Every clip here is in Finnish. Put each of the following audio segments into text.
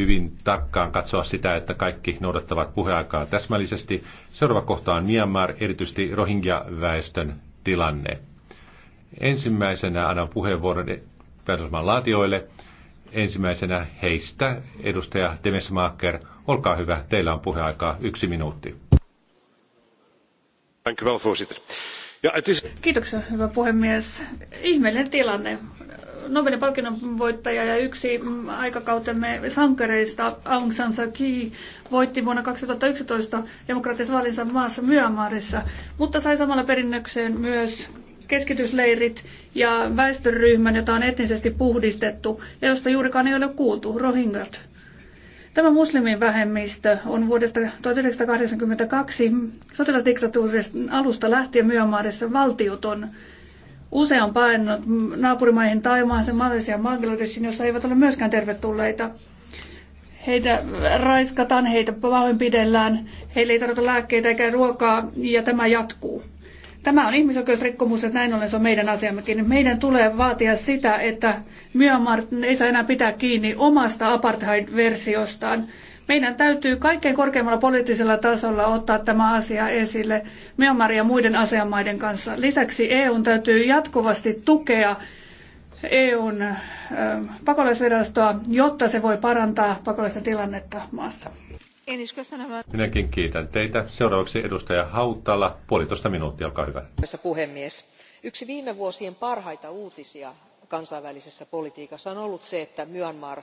hyvin tarkkaan katsoa sitä, että kaikki noudattavat puheaikaa täsmällisesti. Seuraava kohta on Myanmar, erityisesti Rohingya-väestön tilanne. Ensimmäisenä annan puheenvuoron päätösmaan laatioille. Ensimmäisenä heistä edustaja Demesmaker. Olkaa hyvä, teillä on puheaikaa yksi minuutti. Kiitoksia, hyvä puhemies. Ihmeellinen tilanne. Nobelin palkinnon voittaja ja yksi aikakautemme sankareista Aung San Suu Kyi voitti vuonna 2011 demokraattisessa vaalinsa maassa Myanmarissa, mutta sai samalla perinnökseen myös keskitysleirit ja väestöryhmän, jota on etnisesti puhdistettu ja josta juurikaan ei ole kuultu, Rohingyat. Tämä muslimin vähemmistö on vuodesta 1982 sotilasdiktatuurin alusta lähtien Myanmarissa valtioton Use on painanut naapurimaihin Taimaaseen, Malesiaan, Bangladeshin, jossa eivät ole myöskään tervetulleita. Heitä raiskataan, heitä pahoinpidellään, heille ei tarvita lääkkeitä eikä ruokaa ja tämä jatkuu. Tämä on ihmisoikeusrikkomus, että näin ollen se on meidän asiammekin. Meidän tulee vaatia sitä, että Myanmar ei saa enää pitää kiinni omasta apartheid-versiostaan meidän täytyy kaikkein korkeimmalla poliittisella tasolla ottaa tämä asia esille Myanmarin ja muiden asianmaiden kanssa. Lisäksi EUn täytyy jatkuvasti tukea EUn pakolaisvirastoa, jotta se voi parantaa pakolaisten tilannetta maassa. Minäkin kiitän teitä. Seuraavaksi edustaja Hautala, puolitoista minuuttia, olkaa hyvä. Arvoisa puhemies, yksi viime vuosien parhaita uutisia kansainvälisessä politiikassa on ollut se, että Myanmar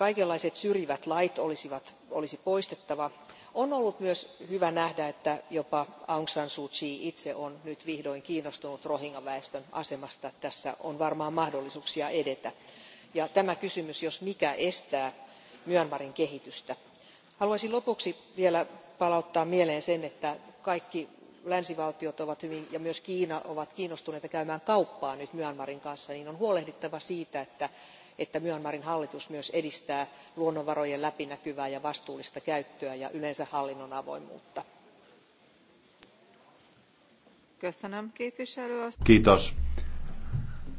kaikenlaiset syrjivät lait olisi poistettava. on ollut myös hyvä nähdä että jopa aung san suu kyi itse on nyt vihdoin kiinnostunut rohingya väestön asemasta. tässä on varmaan mahdollisuuksia edetä ja tämä kysymys jos mikä estää myanmarin kehitystä. haluaisin lopuksi vielä palauttaa mieleen sen että kaikki länsivaltiot ja myös kiina ovat kiinnostuneita käymään kauppaa nyt myanmarin kanssa niin on huolehdittava siitä että että myanmarin hallitus myös edistää luonnonvarojen läpinäkyvää ja vastuullista käyttöä ja yleensä hallinnon avoimuutta. Kiitos.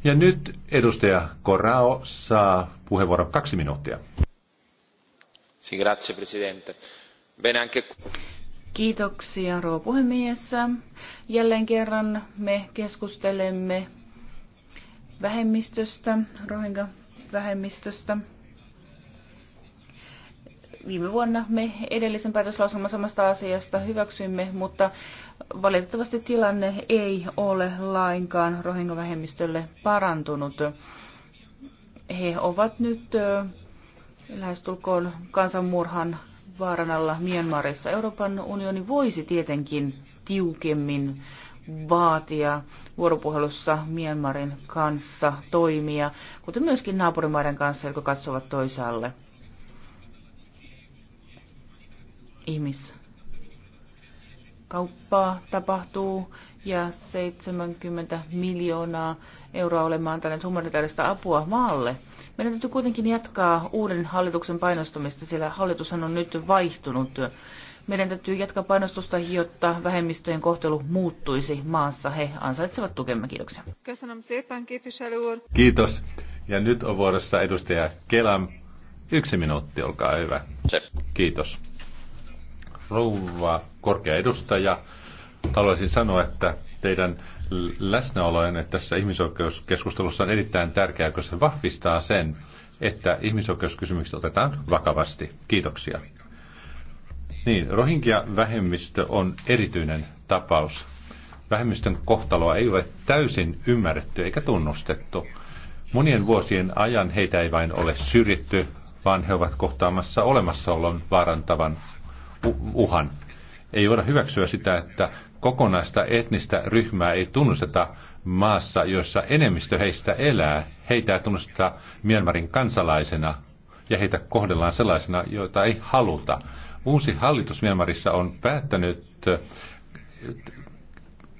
Ja nyt edustaja Corrao saa puheenvuoron kaksi minuuttia. Grazie, presidente. Bene anche... Kiitoksia, rouva puhemies. Jälleen kerran me keskustelemme vähemmistöstä, rohingya vähemmistöstä. Viime vuonna me edellisen päätöslauselman samasta asiasta hyväksymme, mutta valitettavasti tilanne ei ole lainkaan rohingovähemmistölle parantunut. He ovat nyt lähestulkoon kansanmurhan vaaran alla Myanmarissa. Euroopan unioni voisi tietenkin tiukemmin vaatia vuoropuhelussa Myanmarin kanssa toimia, kuten myöskin naapurimaiden kanssa, jotka katsovat toisaalle ihmiskauppaa tapahtuu ja 70 miljoonaa euroa olemaan antaneet humanitaarista apua maalle. Meidän täytyy kuitenkin jatkaa uuden hallituksen painostamista, sillä hallitushan on nyt vaihtunut. Meidän täytyy jatkaa painostusta, jotta vähemmistöjen kohtelu muuttuisi maassa. He ansaitsevat tukemme. Kiitoksia. Kiitos. Ja nyt on vuorossa edustaja Kelam. Yksi minuutti, olkaa hyvä. Kiitos. Rouva korkea edustaja, haluaisin sanoa, että teidän läsnäolojenne tässä ihmisoikeuskeskustelussa on erittäin tärkeää, koska se vahvistaa sen, että ihmisoikeuskysymykset otetaan vakavasti. Kiitoksia. Niin, Rohingya-vähemmistö on erityinen tapaus. Vähemmistön kohtaloa ei ole täysin ymmärretty eikä tunnustettu. Monien vuosien ajan heitä ei vain ole syrjitty, vaan he ovat kohtaamassa olemassaolon vaarantavan uhan. Ei voida hyväksyä sitä, että kokonaista etnistä ryhmää ei tunnusteta maassa, jossa enemmistö heistä elää. Heitä ei tunnusteta Myanmarin kansalaisena ja heitä kohdellaan sellaisena, joita ei haluta. Uusi hallitus Myanmarissa on päättänyt,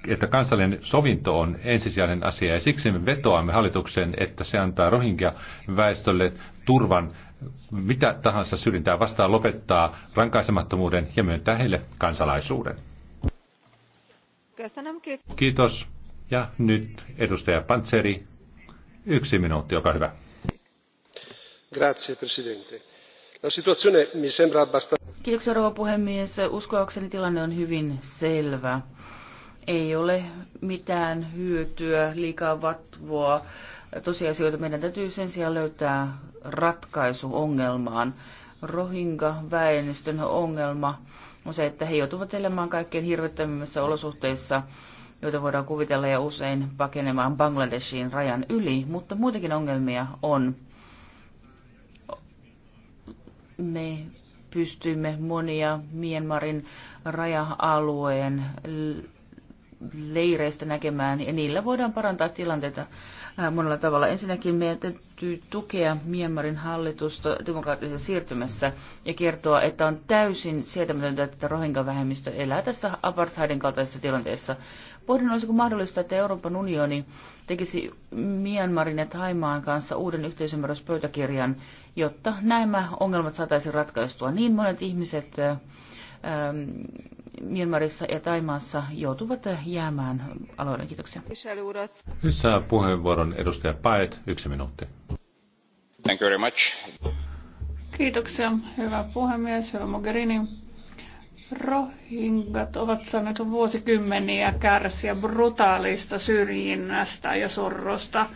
että kansallinen sovinto on ensisijainen asia ja siksi me vetoamme hallituksen, että se antaa rohingya väestölle turvan mitä tahansa syrjintää vastaan lopettaa rankaisemattomuuden ja myöntää heille kansalaisuuden. Kiitos. Ja nyt edustaja Pantseri. Yksi minuutti, olkaa hyvä. Grazie, Presidente. La situazione mi sembra abbastanza... Kiitoksia rouva puhemies. Uskoakseni tilanne on hyvin selvä. Ei ole mitään hyötyä, liikaa vatvoa. Tosiasioita meidän täytyy sen sijaan löytää ratkaisu ongelmaan. Rohingya-väenestön ongelma on se, että he joutuvat elämään kaikkein hirvittävimmissä olosuhteissa, joita voidaan kuvitella ja usein pakenemaan Bangladeshiin rajan yli, mutta muitakin ongelmia on. Me pystyimme monia Myanmarin raja-alueen leireistä näkemään, ja niillä voidaan parantaa tilanteita äh, monella tavalla. Ensinnäkin meidän täytyy tukea Myanmarin hallitusta demokraattisessa siirtymässä ja kertoa, että on täysin sietämätöntä, että Rohingya-vähemmistö elää tässä apartheidin kaltaisessa tilanteessa. Pohdin, olisiko mahdollista, että Euroopan unioni tekisi Myanmarin ja Taimaan kanssa uuden yhteisymmärryspöytäkirjan, jotta nämä ongelmat saataisiin ratkaistua. Niin monet ihmiset Myanmarissa ja Taimaassa joutuvat jäämään aloille. Kiitoksia. Nyt saa puheenvuoron edustaja Paet, yksi minuutti. Thank you very much. Kiitoksia, hyvä puhemies, hyvä Mogherini. Rohingat ovat saaneet vuosikymmeniä kärsiä brutaalista syrjinnästä ja sorrosta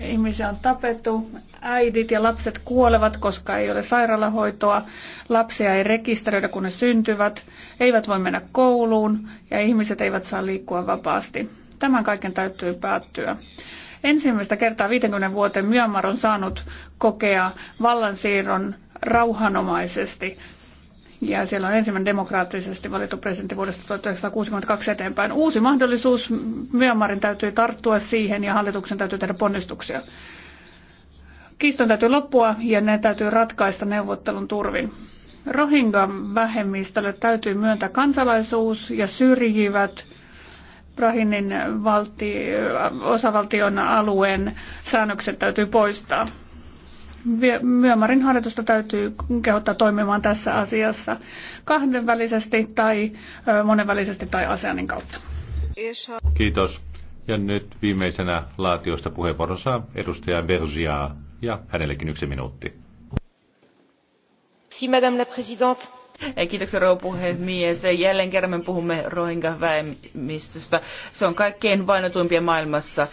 ihmisiä on tapettu, äidit ja lapset kuolevat, koska ei ole sairaalahoitoa, lapsia ei rekisteröidä, kun ne syntyvät, eivät voi mennä kouluun ja ihmiset eivät saa liikkua vapaasti. Tämän kaiken täytyy päättyä. Ensimmäistä kertaa 50 vuoteen Myanmar on saanut kokea vallansiirron rauhanomaisesti ja siellä on ensimmäinen demokraattisesti valittu presidentti vuodesta 1962 eteenpäin. Uusi mahdollisuus, Myanmarin täytyy tarttua siihen ja hallituksen täytyy tehdä ponnistuksia. Kiiston täytyy loppua ja ne täytyy ratkaista neuvottelun turvin. rohingya vähemmistölle täytyy myöntää kansalaisuus ja syrjivät Brahinin valti, osavaltion alueen säännökset täytyy poistaa. Myömarin hallitusta täytyy kehottaa toimimaan tässä asiassa kahdenvälisesti tai monenvälisesti tai ASEANin kautta. Kiitos. Ja nyt viimeisenä laatiosta puheenvuorossa edustaja Bergia ja hänellekin yksi minuutti. Si, madame la présidente. Kiitoksia rouva puhemies. Jälleen kerran me puhumme rohingya väemistöstä Se on kaikkein vainotuimpia maailmassa.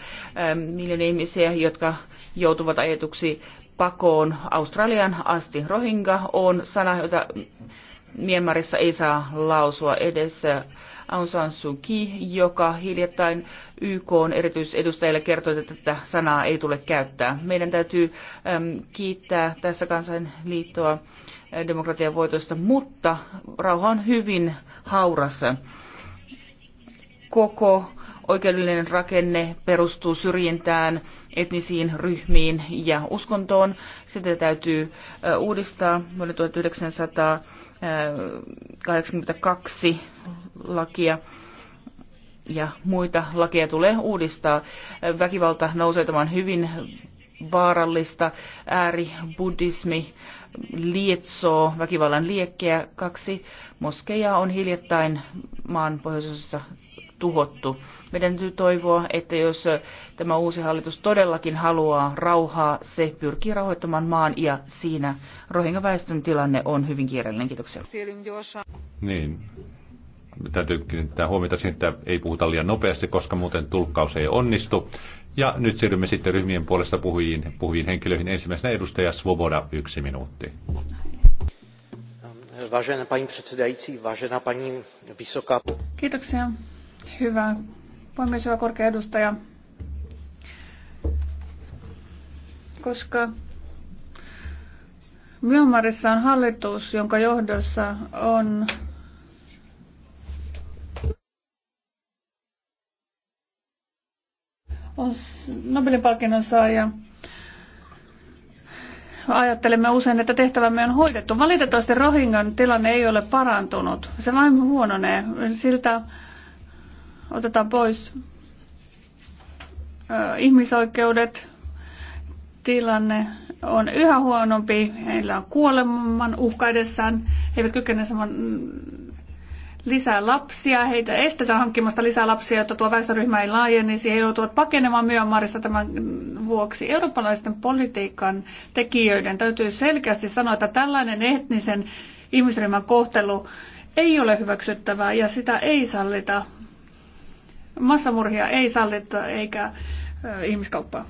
Miljoonia ihmisiä, jotka joutuvat ajetuksi pakoon Australian asti. Rohingya on sana, jota Myanmarissa ei saa lausua edes. Aung San Suu Kyi, joka hiljattain YK on erityisedustajille kertoi, että tätä sanaa ei tule käyttää. Meidän täytyy äm, kiittää tässä kansainliittoa demokratian voitosta, mutta rauha on hyvin haurassa. Koko oikeudellinen rakenne perustuu syrjintään, etnisiin ryhmiin ja uskontoon. Sitä täytyy uudistaa vuonna 1982 lakia ja muita lakeja tulee uudistaa. Väkivalta nousee tämän hyvin vaarallista. buddhismi lietsoo väkivallan liekkeä. Kaksi moskeja on hiljattain maan pohjoisessa tuhottu. Meidän täytyy toivoa, että jos tämä uusi hallitus todellakin haluaa rauhaa, se pyrkii rahoittamaan maan ja siinä rohinga-väestön tilanne on hyvin kiireellinen. Kiitoksia. Niin. Täytyy kiinnittää huomiota siihen, että ei puhuta liian nopeasti, koska muuten tulkkaus ei onnistu. Ja nyt siirrymme sitten ryhmien puolesta puhujiin, puhujiin henkilöihin. Ensimmäisenä edustaja Svoboda, yksi minuutti. Vážená předsedající, vážená paní vysoká... Kiitoksia, Hyvä. Puhemies, hyvä korkea edustaja. Koska Myanmarissa on hallitus, jonka johdossa on on Nobelin palkinnon saaja. Ajattelemme usein, että tehtävämme on hoidettu. Valitettavasti Rohingan tilanne ei ole parantunut. Se vain huononee. Siltä otetaan pois ihmisoikeudet. Tilanne on yhä huonompi. Heillä on kuoleman uhka edessään. He eivät kykene saman mm, lisää lapsia. Heitä estetään hankkimasta lisää lapsia, jotta tuo väestöryhmä ei laajenisi. He joutuvat pakenemaan Myanmarista tämän vuoksi. Eurooppalaisten politiikan tekijöiden täytyy selkeästi sanoa, että tällainen etnisen ihmisryhmän kohtelu ei ole hyväksyttävää ja sitä ei sallita Massamurhia ei sallita eikä ihmiskauppaa.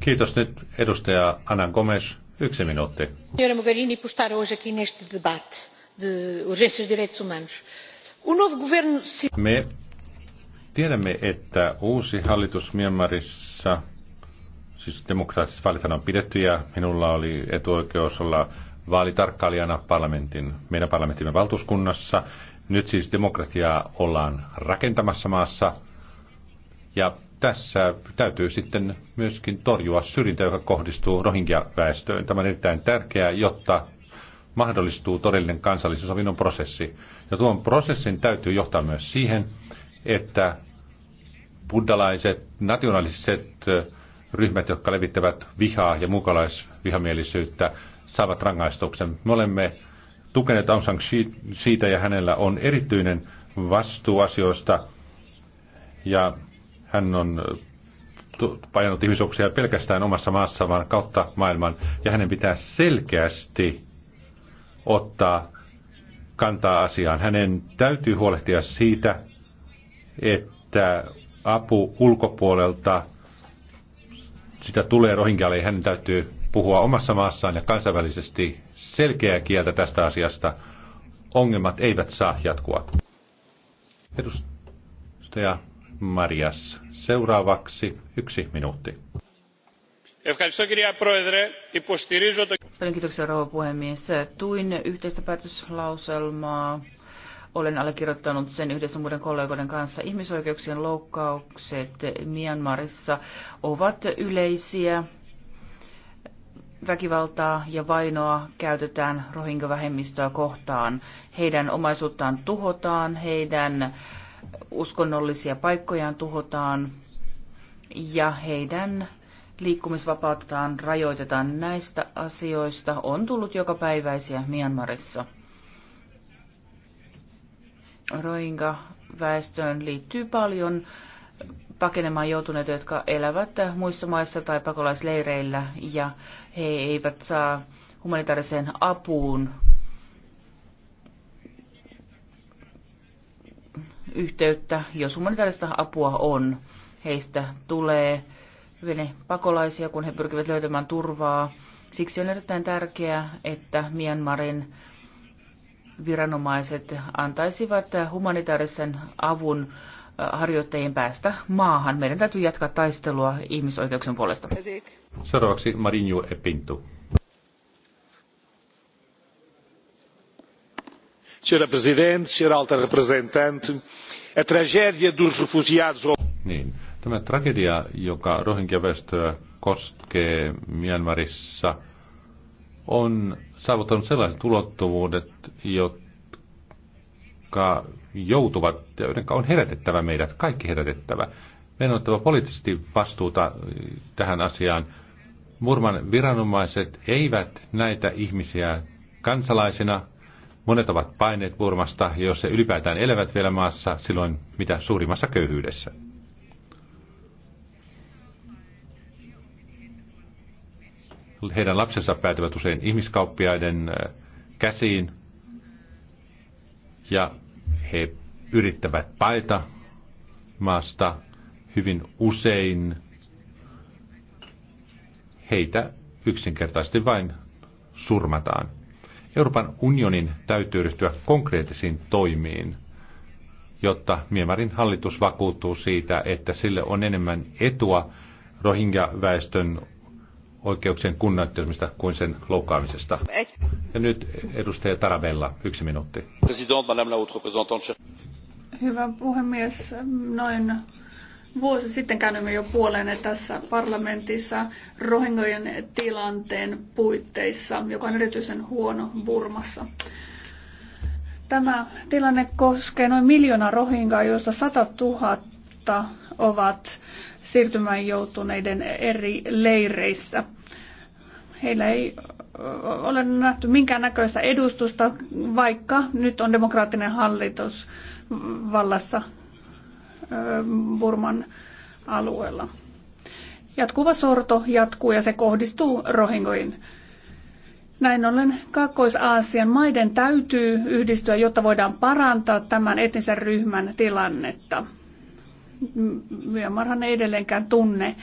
Kiitos nyt edustaja Anan Gomes. Yksi minuutti. Senhora Mogherini, por estar hoje aqui neste debate de urgências de direitos humanos. O novo governo... Me tiedämme, että uusi hallitus Myanmarissa, siis demokraattiset vaalit on pidetty ja minulla oli etuoikeus olla vaalitarkkailijana parlamentin, meidän parlamentimme valtuuskunnassa nyt siis demokratiaa ollaan rakentamassa maassa ja tässä täytyy sitten myöskin torjua syrjintä, joka kohdistuu rohingya-väestöön. Tämä on erittäin tärkeää, jotta mahdollistuu todellinen kansallisen sovinnon prosessi. Ja tuon prosessin täytyy johtaa myös siihen, että buddalaiset, nationalistiset ryhmät, jotka levittävät vihaa ja mukalaisvihamielisyyttä, saavat rangaistuksen. Me olemme tukeneet Aung San siitä ja hänellä on erityinen vastuu asioista ja hän on äh, painanut ihmisoksia pelkästään omassa maassa, vaan kautta maailman. Ja hänen pitää selkeästi ottaa kantaa asiaan. Hänen täytyy huolehtia siitä, että apu ulkopuolelta, sitä tulee ja hänen täytyy puhua omassa maassaan ja kansainvälisesti selkeää kieltä tästä asiasta. Ongelmat eivät saa jatkua. Edustaja Marias, seuraavaksi yksi minuutti. Paljon kiitoksia, rouva puhemies. Tuin yhteistä päätöslauselmaa. Olen allekirjoittanut sen yhdessä muiden kollegoiden kanssa. Ihmisoikeuksien loukkaukset Myanmarissa ovat yleisiä väkivaltaa ja vainoa käytetään rohinkavähemmistöä kohtaan. Heidän omaisuuttaan tuhotaan, heidän uskonnollisia paikkojaan tuhotaan ja heidän liikkumisvapauttaan rajoitetaan. Näistä asioista on tullut joka päiväisiä Myanmarissa. Rohingya väestöön liittyy paljon pakenemaan joutuneita, jotka elävät muissa maissa tai pakolaisleireillä ja he eivät saa humanitaariseen apuun yhteyttä, jos humanitaarista apua on. Heistä tulee hyvin pakolaisia, kun he pyrkivät löytämään turvaa. Siksi on erittäin tärkeää, että Myanmarin viranomaiset antaisivat humanitaarisen avun harjoittajien päästä maahan. Meidän täytyy jatkaa taistelua ihmisoikeuksien puolesta. Seuraavaksi Marinho Epintu. Senhora Presidente, Senhora Alta Representante, a tragedia dos refugiados... Niin. Tämä tragedia, joka rohinkiaväestöä koskee Myanmarissa, on saavuttanut sellaiset ulottuvuudet, jotka jotka joutuvat, joiden on herätettävä meidät, kaikki herätettävä. Meidän on otettava poliittisesti vastuuta tähän asiaan. Murman viranomaiset eivät näitä ihmisiä kansalaisina. Monet ovat paineet Burmasta, jos he ylipäätään elävät vielä maassa, silloin mitä suurimmassa köyhyydessä. Heidän lapsensa päätyvät usein ihmiskauppiaiden käsiin, ja he yrittävät paeta maasta hyvin usein. Heitä yksinkertaisesti vain surmataan. Euroopan unionin täytyy ryhtyä konkreettisiin toimiin, jotta Miemarin hallitus vakuuttuu siitä, että sille on enemmän etua Rohingya-väestön oikeuksien kunnioittamisesta kuin sen loukkaamisesta. Ja nyt edustaja Tarabella, yksi minuutti. Hyvä puhemies, noin vuosi sitten käynnimme jo puoleen tässä parlamentissa rohingojen tilanteen puitteissa, joka on erityisen huono Burmassa. Tämä tilanne koskee noin miljoonaa rohingaa, joista 100 000 ovat siirtymään joutuneiden eri leireissä. Heillä ei ole nähty minkäännäköistä edustusta, vaikka nyt on demokraattinen hallitus vallassa Burman alueella. Jatkuva sorto jatkuu ja se kohdistuu rohingoihin. Näin ollen Kaakkois-Aasian maiden täytyy yhdistyä, jotta voidaan parantaa tämän etnisen ryhmän tilannetta. Myanmarhan ei edelleenkään tunne, eh,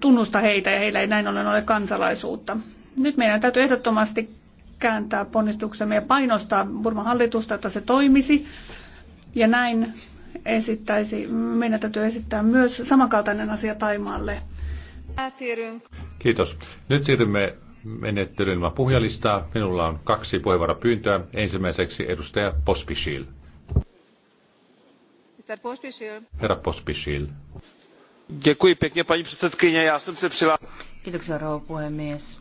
tunnusta heitä ja heillä ei näin ollen ole kansalaisuutta. Nyt meidän täytyy ehdottomasti kääntää ponnistuksemme ja painostaa Burman hallitusta, että se toimisi. Ja näin esittäisi, meidän täytyy esittää myös samankaltainen asia Taimaalle. Kiitos. Nyt siirrymme menettelyyn puhujalistaa. Minulla on kaksi puheenvuoropyyntöä. Ensimmäiseksi edustaja Pospisil. Herra Pospisil. Děkuji pěkně, paní předsedkyně. Já jsem se přilá... Kiitoksia, rouva puhemies.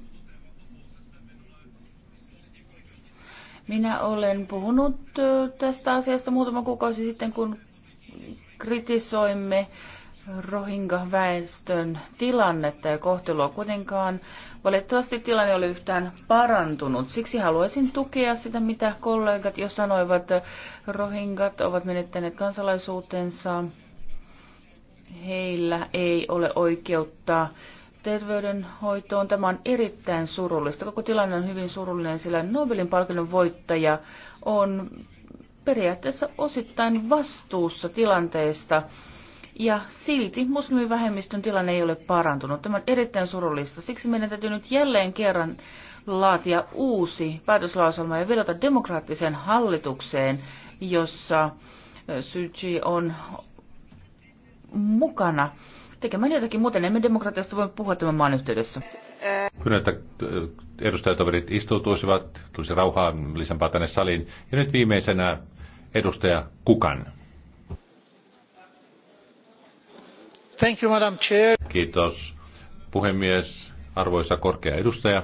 Minä olen puhunut tästä asiasta muutama kuukausi sitten, kun kritisoimme Rohingya-väestön tilannetta ja kohtelua kuitenkaan. Valitettavasti tilanne oli yhtään parantunut. Siksi haluaisin tukea sitä, mitä kollegat jo sanoivat. Rohingat ovat menettäneet kansalaisuutensa. Heillä ei ole oikeutta terveydenhoitoon. Tämä on erittäin surullista. Koko tilanne on hyvin surullinen, sillä Nobelin palkinnon voittaja on periaatteessa osittain vastuussa tilanteesta, ja silti muslimivähemmistön tilanne ei ole parantunut. Tämä on erittäin surullista. Siksi meidän täytyy nyt jälleen kerran laatia uusi päätöslauselma ja vedota demokraattiseen hallitukseen, jossa Syji on mukana tekemään jotakin, muuten emme demokratiasta voi puhua tämän maan yhteydessä. Kyllä, että edustajatoverit istuutuisivat, tulisi rauhaa lisämpää tänne saliin. Ja nyt viimeisenä edustaja Kukan. Kiitos puhemies, arvoisa korkea edustaja.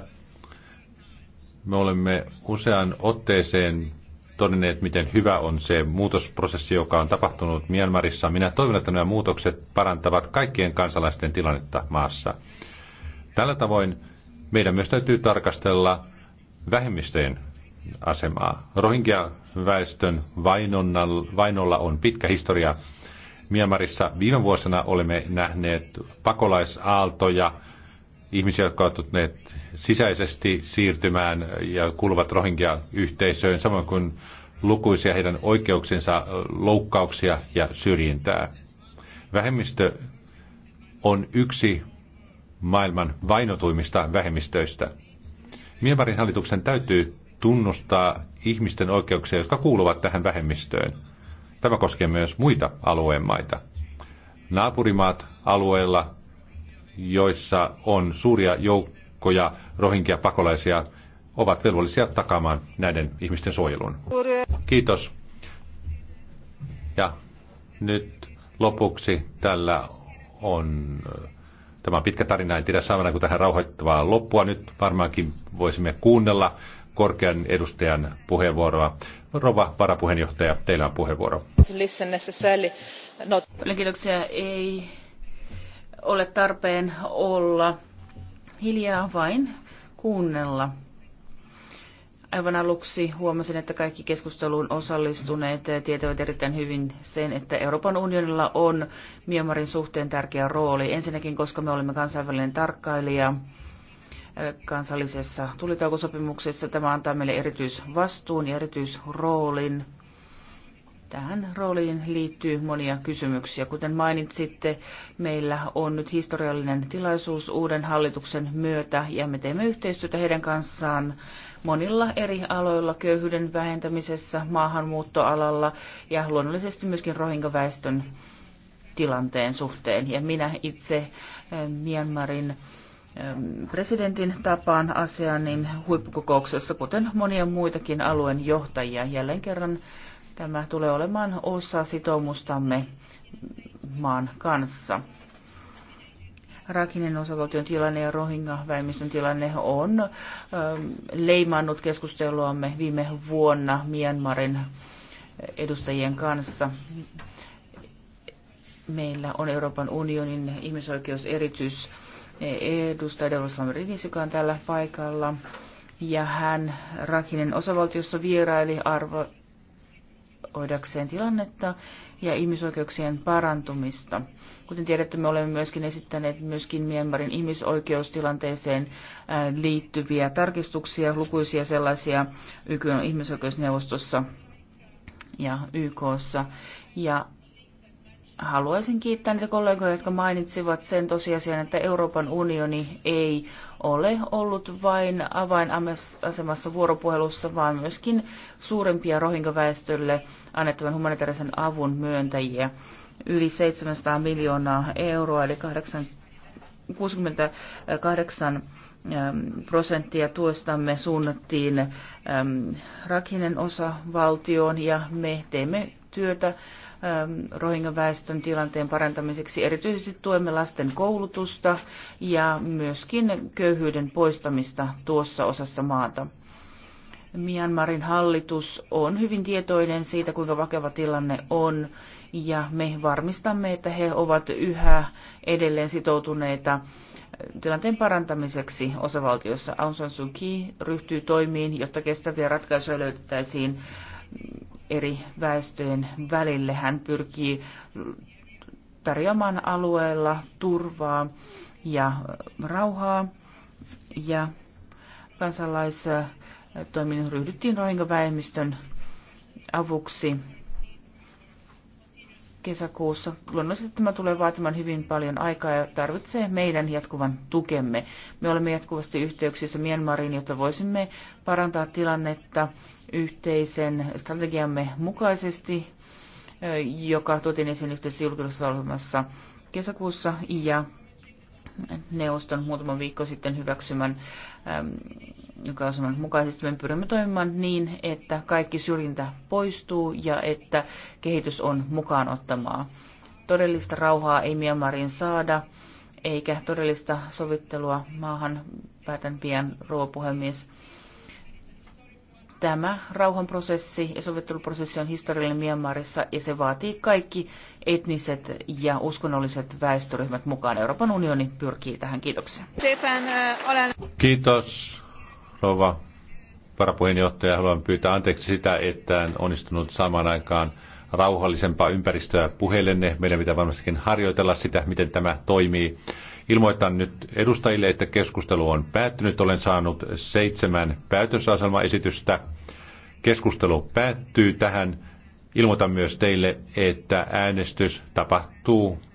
Me olemme usean otteeseen todenneet, miten hyvä on se muutosprosessi, joka on tapahtunut Myanmarissa. Minä toivon, että nämä muutokset parantavat kaikkien kansalaisten tilannetta maassa. Tällä tavoin meidän myös täytyy tarkastella vähemmistöjen asemaa. Rohingya-väestön vainolla on pitkä historia Myanmarissa viime vuosina olemme nähneet pakolaisaaltoja, ihmisiä, jotka ovat ottaneet sisäisesti siirtymään ja kuuluvat Rohingya-yhteisöön, samoin kuin lukuisia heidän oikeuksensa loukkauksia ja syrjintää. Vähemmistö on yksi maailman vainotuimmista vähemmistöistä. Myanmarin hallituksen täytyy tunnustaa ihmisten oikeuksia, jotka kuuluvat tähän vähemmistöön. Tämä koskee myös muita alueen maita. Naapurimaat alueella, joissa on suuria joukkoja rohinkia pakolaisia, ovat velvollisia takaamaan näiden ihmisten suojelun. Kiitos. Ja nyt lopuksi tällä on äh, tämä on pitkä tarina, en tiedä kuin tähän rauhoittavaa loppua. Nyt varmaankin voisimme kuunnella korkean edustajan puheenvuoroa. Rova varapuheenjohtaja, teillä on puheenvuoro. kiitoksia. Ei ole tarpeen olla hiljaa, vain kuunnella. Aivan aluksi huomasin, että kaikki keskusteluun osallistuneet tietävät erittäin hyvin sen, että Euroopan unionilla on Myanmarin suhteen tärkeä rooli. Ensinnäkin, koska me olemme kansainvälinen tarkkailija kansallisessa tulitaukosopimuksessa. Tämä antaa meille erityisvastuun ja erityisroolin. Tähän rooliin liittyy monia kysymyksiä. Kuten mainitsitte, meillä on nyt historiallinen tilaisuus uuden hallituksen myötä ja me teemme yhteistyötä heidän kanssaan monilla eri aloilla, köyhyyden vähentämisessä, maahanmuuttoalalla ja luonnollisesti myöskin rohinkaväestön tilanteen suhteen. Ja minä itse eh, Myanmarin presidentin tapaan asiaan, niin huippukokouksessa, kuten monia muitakin alueen johtajia, jälleen kerran tämä tulee olemaan osa sitoumustamme maan kanssa. Rakinen osavaltion tilanne ja rohinga väimistön tilanne on ö, leimannut keskusteluamme viime vuonna Myanmarin edustajien kanssa. Meillä on Euroopan unionin ihmisoikeuserityis edustaja Devos Rivis, joka on tällä paikalla. Ja hän Rakinen osavaltiossa vieraili arvoidakseen tilannetta ja ihmisoikeuksien parantumista. Kuten tiedätte, me olemme myöskin esittäneet myöskin Myanmarin ihmisoikeustilanteeseen äh, liittyviä tarkistuksia, lukuisia sellaisia YK ihmisoikeusneuvostossa ja YKssa. Ja haluaisin kiittää niitä kollegoja, jotka mainitsivat sen tosiasian, että Euroopan unioni ei ole ollut vain avainasemassa vuoropuhelussa, vaan myöskin suurempia rohinkaväestölle annettavan humanitaarisen avun myöntäjiä. Yli 700 miljoonaa euroa, eli 68 prosenttia tuostamme suunnattiin rakinen osa valtioon ja me teemme työtä Ähm, rohingya-väestön tilanteen parantamiseksi. Erityisesti tuemme lasten koulutusta ja myöskin köyhyyden poistamista tuossa osassa maata. Myanmarin hallitus on hyvin tietoinen siitä, kuinka vakava tilanne on, ja me varmistamme, että he ovat yhä edelleen sitoutuneita äh, tilanteen parantamiseksi osavaltiossa. Aung San Suu Kyi ryhtyy toimiin, jotta kestäviä ratkaisuja löydettäisiin eri väestöjen välille. Hän pyrkii tarjoamaan alueella turvaa ja rauhaa ja kansalaistoiminnan ryhdyttiin rohingya-vähemmistön avuksi kesäkuussa. Luonnollisesti tämä tulee vaatimaan hyvin paljon aikaa ja tarvitsee meidän jatkuvan tukemme. Me olemme jatkuvasti yhteyksissä Myanmariin, jotta voisimme parantaa tilannetta yhteisen strategiamme mukaisesti, joka tuotiin esiin yhteisessä julkisessa ohjelmassa kesäkuussa ja neuvoston muutama viikko sitten hyväksymän julkilausuman mukaisesti me pyrimme toimimaan niin, että kaikki syrjintä poistuu ja että kehitys on mukaan ottamaa. Todellista rauhaa ei Myanmarin saada, eikä todellista sovittelua maahan päätän pian, rouva puhemies. Tämä rauhanprosessi ja sovitteluprosessi on historiallinen Myanmarissa ja se vaatii kaikki etniset ja uskonnolliset väestöryhmät mukaan. Euroopan unioni pyrkii tähän. Kiitoksia. Kiitos, rouva varapuheenjohtaja. Haluan pyytää anteeksi sitä, että en onnistunut samaan aikaan rauhallisempaa ympäristöä puheillenne. Meidän pitää varmastikin harjoitella sitä, miten tämä toimii. Ilmoitan nyt edustajille, että keskustelu on päättynyt. Olen saanut seitsemän päätösasemaesitystä. Keskustelu päättyy tähän. Ilmoitan myös teille, että äänestys tapahtuu